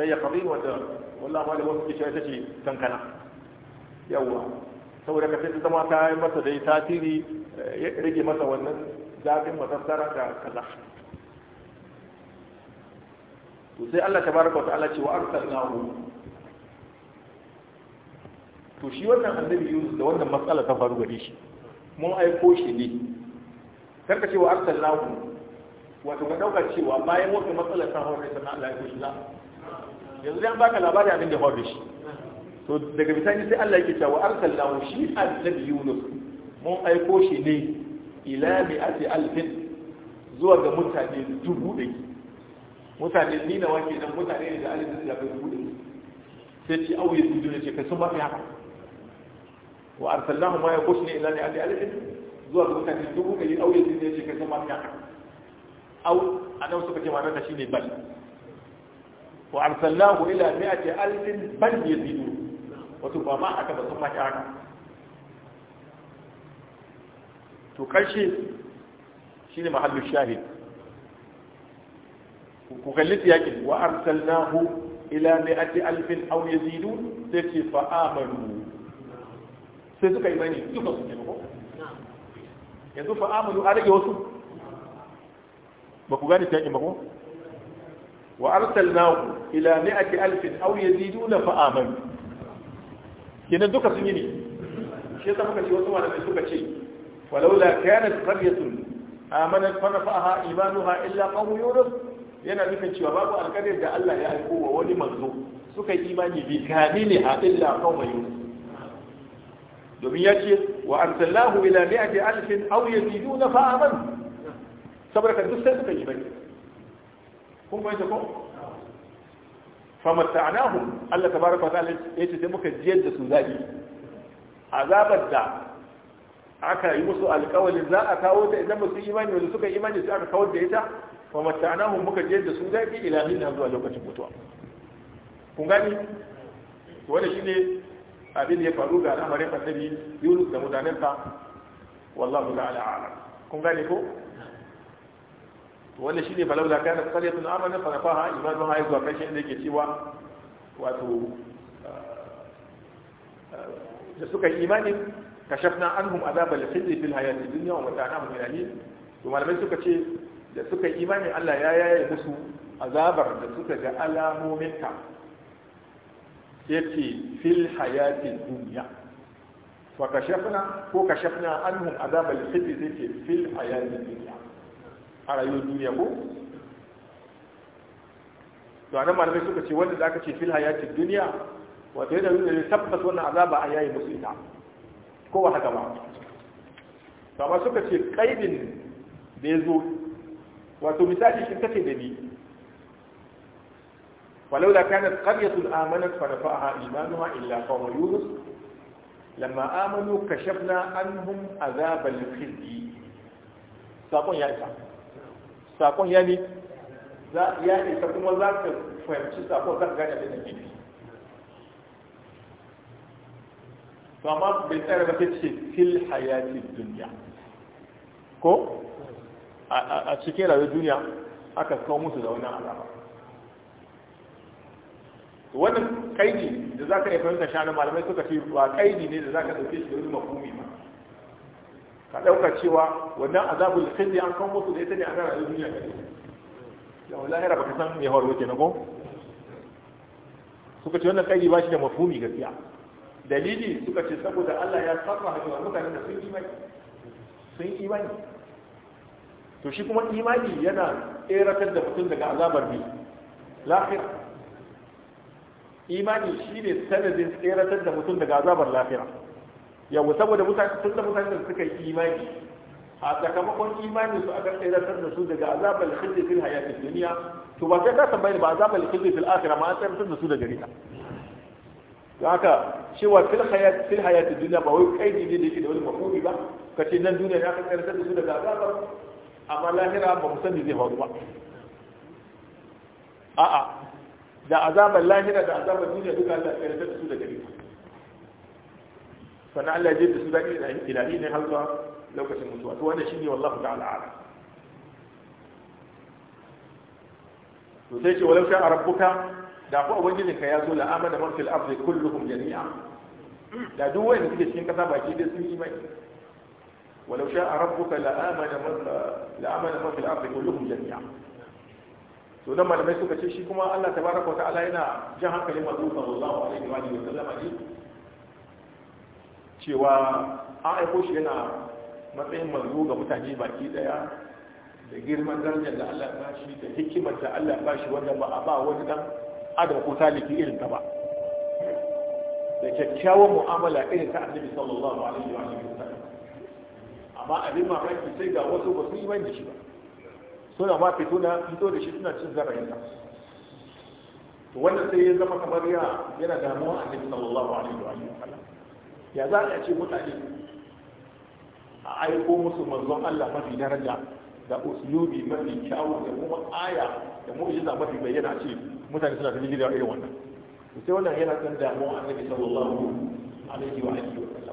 sai ya qabi wata wallahi wala wasu kishiyar ta ce kankana yawwa saboda ka sai zama ta yi masa dai tasiri rage masa wannan zafin matattara da kaza to sai Allah tabaraka wa ta'ala ce wa arsalnahu to shi wannan annabi Yunus da wannan matsala ta faru gare shi mun aiko shi ne karka ce wa arsalnahu wato ka dauka cewa bayan wata matsala ta faru sannan Allah ya aiko la yanzu an baka labari abin da ya faru shi to daga bisani sai Allah yake cewa arsalnahu shi annabi Yunus mun aiko shi ne ila mi'ati alfin zuwa ga mutane dubu ɗari mutane ni na wake nan mutane ne da alimin da bai buɗe sai ci auye su ne ce kai sun mafi haka wa arsalnahu ma yaqushni ila li alil zuwa ga mutane dubu ɗari auye su ne ce kai sun mafi haka au anan suka ce ma'anar da shine bal wa arsalnahu ila mi'ati alfin bal yazidu wato ba ma haka ba sun mafi haka to karshe shine mahallin shahid ku kalli tiyakin wa arsalnahu ila mi'ati alfin aw yazidun sai ce fa amanu sai suka imani duka su kenan ko yanzu fa amanu a rage wasu ba ku gane tiyakin ba ko wa arsalnahu ila mi'ati alfin aw yazidun fa amanu Kina duka sun yi ne shi yasa muka ce wasu malamai suka ce walaula kanat qaryatun amanat fa nafa'aha imanuha illa qawmu yunus yana nufin cewa babu alƙarin da Allah ya aiko wa wani manzo suka yi imani bi kamili ha illa qawmi domin ya ce wa arsalnahu ila mi'ati alfin aw yaziduna fa aman saboda kan duk sai suka yi bai kun fahimta ko famatta'nahum Allah tabaraka wa ta'ala ce sai muka jiyar da su zabi azabar da aka yi musu alƙawarin za a kawo ta idan musu imani wanda suka imani su aka kawar da ita fa mata'anahum muka je da su daɗi ila na zuwa lokacin mutuwa kun gani wanda shine abin da ya faru ga al'amarin annabi Yunus da mutanensa wallahu ta'ala a'lam kun gane ko wannan shine falawla kanat qaryatun amana fa nafaha imanuha ayyu kashin da yake cewa wato eh, da suka yi imanin kashafna anhum azab al-khizy fil hayati dunya wa mata'anahum ilahin to malamai suka ce da suka imanin Allah ya yaye musu azabar da suka ga alamominta yace fil hayatin duniya wa kashafna ko kashafna anhum azab al-khizi yace fil hayatin duniya a rayuwar duniya ko to anan malamai suka ce wanda zaka ce fil hayatin duniya wato yana nuna ne tabbas wannan azaba a yayi musu ita ko ba haka ba to amma suka ce kaidin da ya zo wato misali shi kace da ni ولولا كانت قرية آمنت فنفعها إيمانها إلا قوم يونس لما آمنوا كشفنا عنهم عذاب الخزي ساقون يا إسا ساقون يا ني يا إسا ساقون وزاك فهمت ساقون ذاك غاية لنجيب فما بالتالي في الحياة الدنيا كو a cikin rayuwar duniya aka kawo musu da wannan alama wannan kaidi da za yi fahimta shanin malamai suka ce ba kaidi ne da za ka ɗauke shi da wani mafumi ba ka ɗauka cewa wannan azabul khizi an kawo musu da ita ne a kan rayuwar duniya ne ya wallahi ba ka san me hawar wuce na ko suka ce wannan kaidi ba shi da mafumi gaskiya dalili suka ce saboda Allah ya sarrafa cewa mutanen da sun imani sun imani to shi kuma imani yana tseratar da mutum daga azabar ne lafira imani shi ne sanadin tseratar da mutum daga azabar lafira yawa saboda mutane tun da mutane suka yi imani a sakamakon imani su aka tseratar da su daga azabar khizzi fil hayatid duniya to ba sai ka tambaye ba azabar khizzi fil akhirah ma an tseratar da su daga rita don haka cewa fil hayat fil hayatid duniya ba wai kaidi ne da yake da wani mafhumi ba Ka ce nan duniya ya aka tseratar da su daga azabar amma lahira ba mu sani zai faru ba a'a da azabar lahira da azabar duniya duka Allah ya rasa su da gari sannan Allah ya je da su da ilahi ne har zuwa lokacin mutuwa to wannan shine wallahu ta'ala a'lam to sai ce walau sha'a rabbuka da ku ubangijin ka ya zo la amana man fil ardi kulluhum jami'a da duk wanda suke cikin kasa baki dai sun imani ولو شاء ربك لآمن من لآمن من في الأرض كلهم جميعا to dan malamai suka ce shi kuma Allah tabaraka wa ta'ala yana jan hankalin manzo sallallahu alaihi wa alihi wasallam ne cewa an aiko shi yana matsayin manzo ga mutane baki daya da girman darajar da Allah ba shi da hikimar da Allah ba shi wanda ba a ba wani dan adam ko taliki irin ta ba da kyakkyawan mu'amala irin ta annabi sallallahu alaihi wa alihi amma abin mamaki sai ga wasu ba su yi da shi ba suna ma fito na fito da shi suna cin zarafin ta to wannan sai ya zama kamar ya yana damuwa a cikin sallallahu alaihi wa sallam ya za a ce mutane a aiko musu manzon Allah mafi daraja da usulubi mafi kyawu da kuma aya da mu'jiza mafi bayyana ce mutane suna da jirgin irin wannan sai wannan yana kan damuwa a cikin sallallahu alaihi wa sallam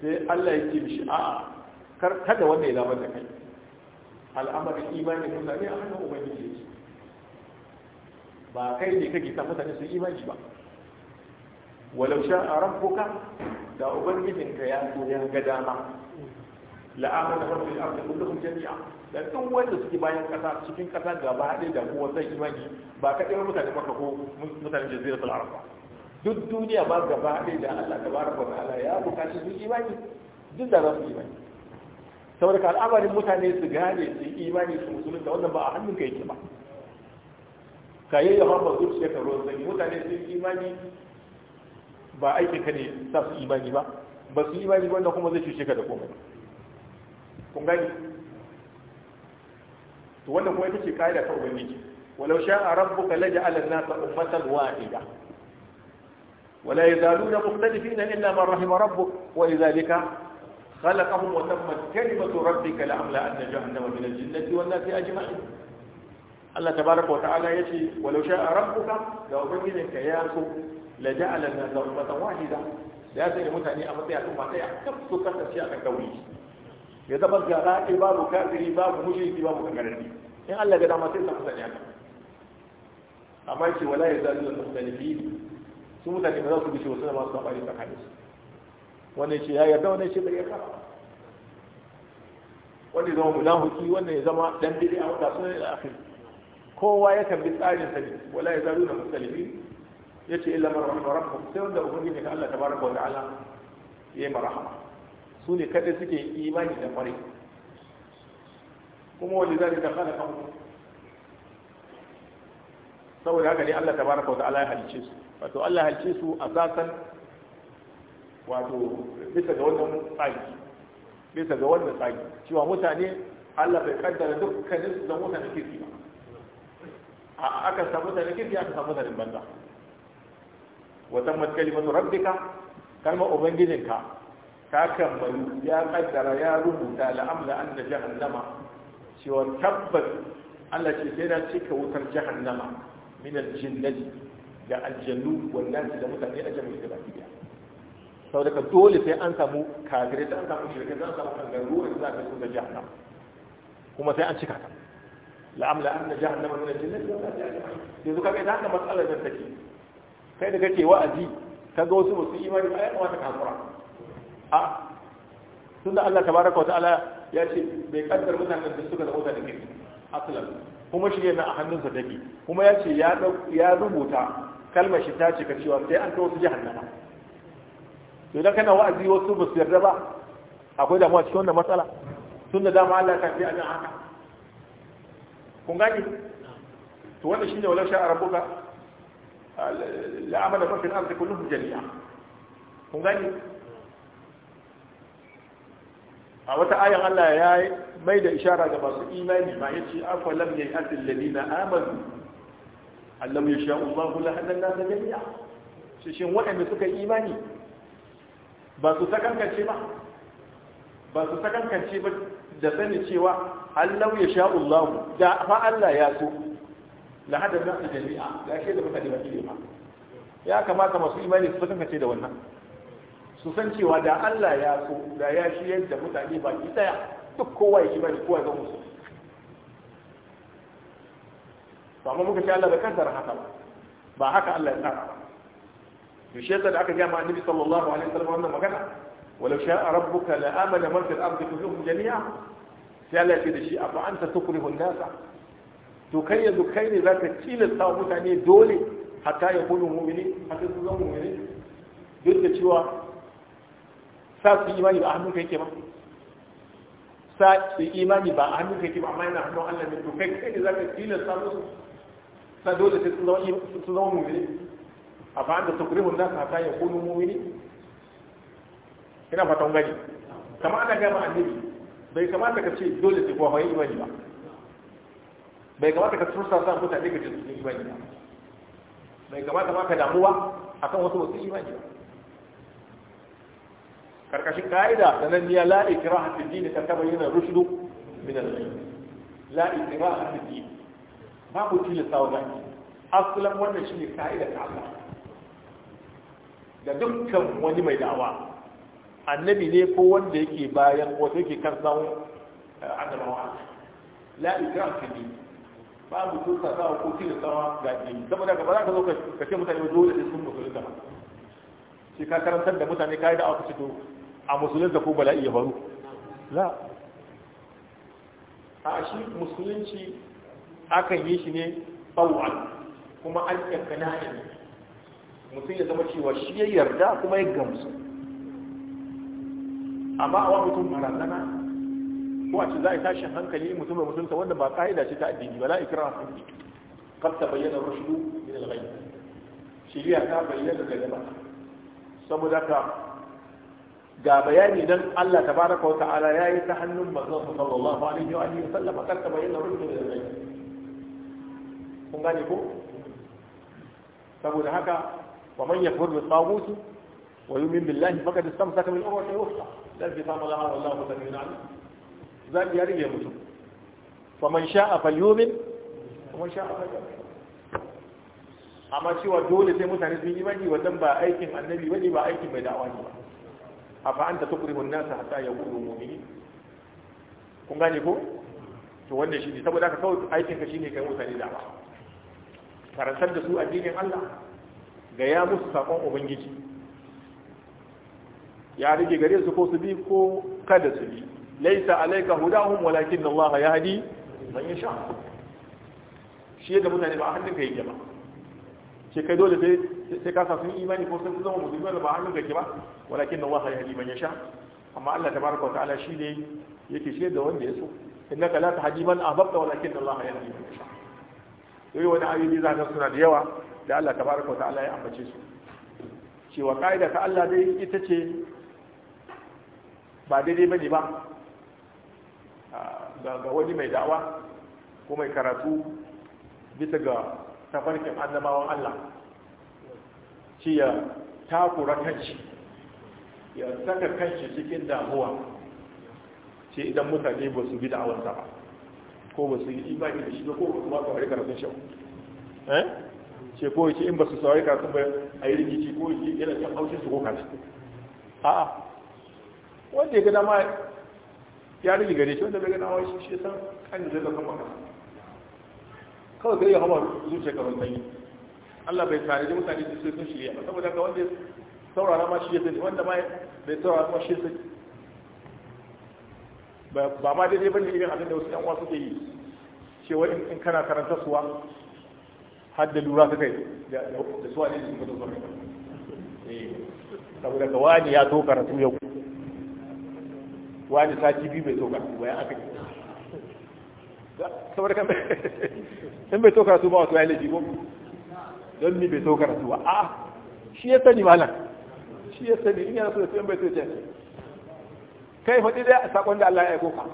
sai Allah ya ce mishi a'a kada wanda ya zama da kai al'amarin imani mutane a hannun ubangiji ne ba kai ne kake sa mutane su imani ba walau sha a rabbuka da ka ya so ya ga dama la'amana a cikin kulluhum jami'a da duk wanda suke bayan kasa cikin kasa gaba haɗe da kuma sai imani ba kaɗai mutane maka ko mutane jaziratul arab ba duk duniya ba gaba ɗaya da Allah tabaraka wa ta'ala ya bukaci su imani duk da za su imani saboda ka al'amarin mutane su gane su imani su musulunta wannan ba a hannun ka yake ba ka yi yawan ba zuciya ka ruwan zani mutane su imani ba aikin ka ne sa su imani ba ba su imani wanda kuma zai cuce ka da komai kun gani to wannan kuma ita ce ka'ida ta ubangiji walau sha'a rabbuka laja'ala an-nasa na wahida na يزالون مختلفين إلا من رحم ربك وإذلك خلقهم وتمت كلمة ربك لأملأن جهنم من الجنة والناس أجمعين الله تبارك وتعالى يشي ولو شاء ربك لو بجنك ياسو لجعل الناس أمة واحدة da ya sanya mutane a matsayi al'umma ɗaya kaf su kasance a kankauri ya zama garaɗe babu kafiri babu mushriki babu kankararri in Allah ga dama sai sa mutane haka amma ce wala ya zalu da mutane su mutane ba za su da masu kamari tsakanin wannan shi ya yarda wannan shi bai yarda wanda zama munafiki wannan ya zama dan a wanda sun yi akhir kowa ya kan bi tsarin sa ne wala ya zalu na musalimi yace illa man rahima rabbuh sai wanda ubangiji ka Allah tabaraka wa ta'ala yayi marhama su ne kada suke imani da kwarai kuma wanda zai da kana kan saboda haka ne Allah tabaraka wa ta'ala ya halice su wato Allah ya halice su a asasan wato bisa ga wannan tsaki bisa ga wannan tsaki cewa mutane Allah bai kaddara dukkanin su zan mutane kirki ba a aka samu mutane kirki aka samu mutane banza wa tammat kalimatu rabbika kalmar ubangijinka ta kammalu ya kaddara ya rubuta la'amla an da jahannama cewa tabbas Allah ce sai na cika wutar jahannama Minar aljinnati da aljannu wannan da mutane a jami'a da baki sau daga dole sai an samu kafirai da an samu shirkai sai an samu kangaru da za a kai su da kuma sai an cika ta la'amla an na jahannama min al-jannati wa al-jahannam yanzu kaga idan ka matsalar da take kai da kake wa'azi ga wasu masu imani ba ai kamata ka hakura a da Allah tabaraka wa ta'ala ya ce bai kaddar mutanen da suka da wuta da kirki aslan kuma shi na a hannunsa take kuma ya ce ya rubuta kalmar shi ta ce ka cewa sai an kawo su nan to idan kana wa'azi wasu ba su yarda ba akwai damuwa cikin wannan matsala tun da dama Allah ta fi ajin haka kun gani to wannan shine wala sha rabbuka la'amala fa fil ardi kulluhum jami'a kun gani a wata ayan Allah ya yi mai da ishara ga masu imani ma yace afa lam ya'ti alladhina amanu allam yasha'u Allahu lahadana jami'a shi shin waɗanda suka imani ba su sakankance ba ba su sakankance ba da sani cewa Allah ya sha Allah da fa Allah ya so la hada na jami'a da shi da mutane ba ke ma ya kamata masu imani su sakankace da wannan su san cewa da Allah ya so da ya shi yadda mutane ba ki daya duk kowa ya imani kowa ya musu ba amma muka ce Allah da kaddara haka ba ba haka Allah ya tsara ba to shi yasa da aka gama annabi sallallahu alaihi wasallam wannan magana walau sha'a rabbuka la amana man fil ardi kulluhum jami'a sai Allah ya ce da shi afa anta tukrihu an-nasa to kai yanzu kai ne zaka tilasta mutane dole hatta ya kunu mu'mini hatta su zama mu'mini duk da cewa sa su imani ba a hannunka yake ba sa su imani ba a kai ke ba amma yana hannun Allah ne to kai kai ne zaka tilasta musu sa dole sai su zama mu'mini afa anta tukrihu an-nas hatta yakunu mu'minin ina fatan gani kama ana gama annabi bai kamata ka ce dole sai kowa yi imani ba bai kamata ka tursa sa mutane ka ce su yi imani ba bai kamata ma ka damuwa akan wasu wasu imani ba karkashin ka'ida da nan ya la ikraha fi dini ka taba yana rushdu min al-ilm la ikraha fi dini babu tilasta wa aslan wannan ne ka'ida ta Allah da dukkan wani mai da'awa annabi ne ko wanda yake bayan wato yake kan sahun eh, annabawa la ikram fi din babu tusa sawa ko tilin sawa ga din saboda ka ba za ka zo ka ce mutane dole da sun musulunta shi ka karantar da mutane kai da aka fito a da ko bala'i ya faru la a shi musulunci akan yi shi ne bawal kuma an yankana ne mutum ya zama cewa shi ya yarda kuma ya gamsu amma a wani mutum barazana ko a ce za a yi tashin hankali mutum da mutunta wanda ba ƙa'ida ce ta addini ba la ikra hankali kan ta bayyana rushdu min al-ghayb shiriya ta bayyana daga gaba saboda ka ga bayani dan Allah tabaraka wa ta'ala yayi ta hannun manzon sallallahu alaihi wa alihi wasallam kan ta bayyana rushdu min al-ghayb kun gane ko saboda haka wa man بالطاغوت ويؤمن بالله wa استمسك billahi faqad istamsaka bil urwati al-wuthqa la infisama laha wallahu samiun alim zabi ya rige mutum wa man sha'a falyu'min wa man sha'a amma cewa dole sai mutane sun yi mani wannan ba aikin annabi bane ba aikin mai da'awa ne ba an-nasa kun gane ko to wannan ne saboda haka kawai aikin ka shine kai mutane da'awa karantar da su addinin Allah ga ya musu sakon ubangiji ya rige gare su ko su bi ko kada su bi laisa alaika hudahum walakin Allah hadi man yasha shi da mutane ba hannun ka yake ba ce kai dole sai sai ka sun imani ko sun zama musulmi ba hannun kai yake ba walakin Allah hadi man yasha amma Allah tabaraka wa ta'ala shi ne yake shi da wanda ya so innaka la tahdi man ahbabta walakin Allah hadi man yasha yoyi wani ayoyi zaka suna da yawa da Allah tabaraka wa ta'ala ya ambace su cewa kaida ta Allah dai ita ce ba daidai bane ba ga wani mai da'awa ko mai karatu bisa ga tafarkin annabawan Allah ci ya takura kanci ya saka kanci cikin damuwa ce idan mutane ba su bi da'awarsa ba ko ba su yi imani da shi ko ba su ba su harika da sun shau ce ko yace in ba su sauri ka ba a yi rikici ko yace yana kan haushi su koka shi a'a wanda ya ga dama ya rigi gare shi wanda bai ga dama shi shi san kan da zai kuma kasa kawai gari hawa ka kamar sanyi Allah bai tare da mutane su sun shirya ba saboda ga wanda saurara ma shi ya sani wanda ma bai saurara ma shi ya sani ba ma daidai bane irin abin da wasu yan uwa suke yi cewa in kana karanta suwa Hadda lura ta kai da suwa ne sun fito zuwa eh, saboda ka wani ya zo karatu yau wani sati biyu bai zo karatu ba ya aka yi saboda kan in bai zo karatu ba wasu ya laifi ko don ni bai zo karatu ba a ah, shi ya sani nan shi ya sani in yana so da su yan bai zo ce kai faɗi dai a sakon da Allah ya aiko ka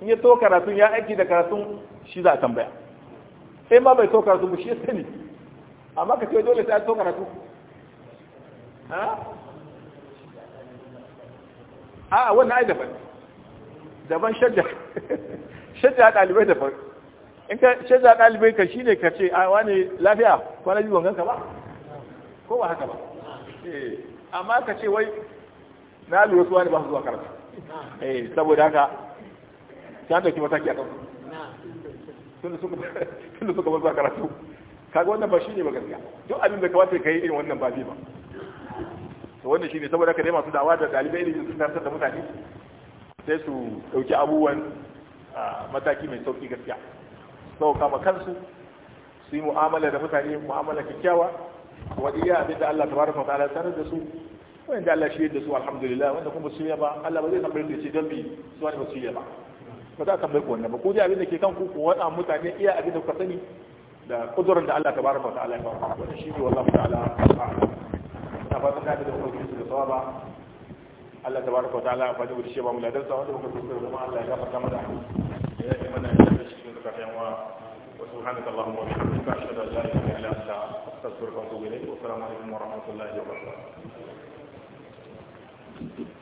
in ya zo karatun ya aiki da karatun shi za a tambaya Sai ma bai so su bushe su ne amma ka ce dole sai an so ha? a wannan ai daban daban shadda shadda ɗalibai daban in ka shadda ɗalibai ka shine ka ce a wani lafiya kwana biyu wangan ka ba ko ba haka ba eh, amma ka ce wai na lura su wani ba su zuwa karatu eh, saboda haka ta ɗauki mataki a kan tun da suka bar karatu kaga wannan ba shi ne ba gaskiya duk abin da kamata ka yi irin wannan ba zai ba to wannan shi ne saboda ka dai masu dawa da dalibai ne sun tarsar da mutane sai su ɗauki abubuwan mataki mai sauƙi gaskiya sau kama kansu su yi mu'amala da mutane mu'amala kyakkyawa Wani iya abin da Allah ta wa ta'ala sanar da su wanda Allah shi yadda su alhamdulillah wanda kuma su yaba Allah ba zai tambaye da shi don bi su wani ba su yaba ba za a tambayi ku wannan ba ko dai abin da ke kan ku ku mutane iya abin da kuka sani da kudurin da Allah tabaraka wa ta'ala ya ba wannan shi wallahi ta'ala ta da kuma da sawaba Allah tabaraka wa ta'ala fa shi ba mu Allah ya mana ya yi mana shi wa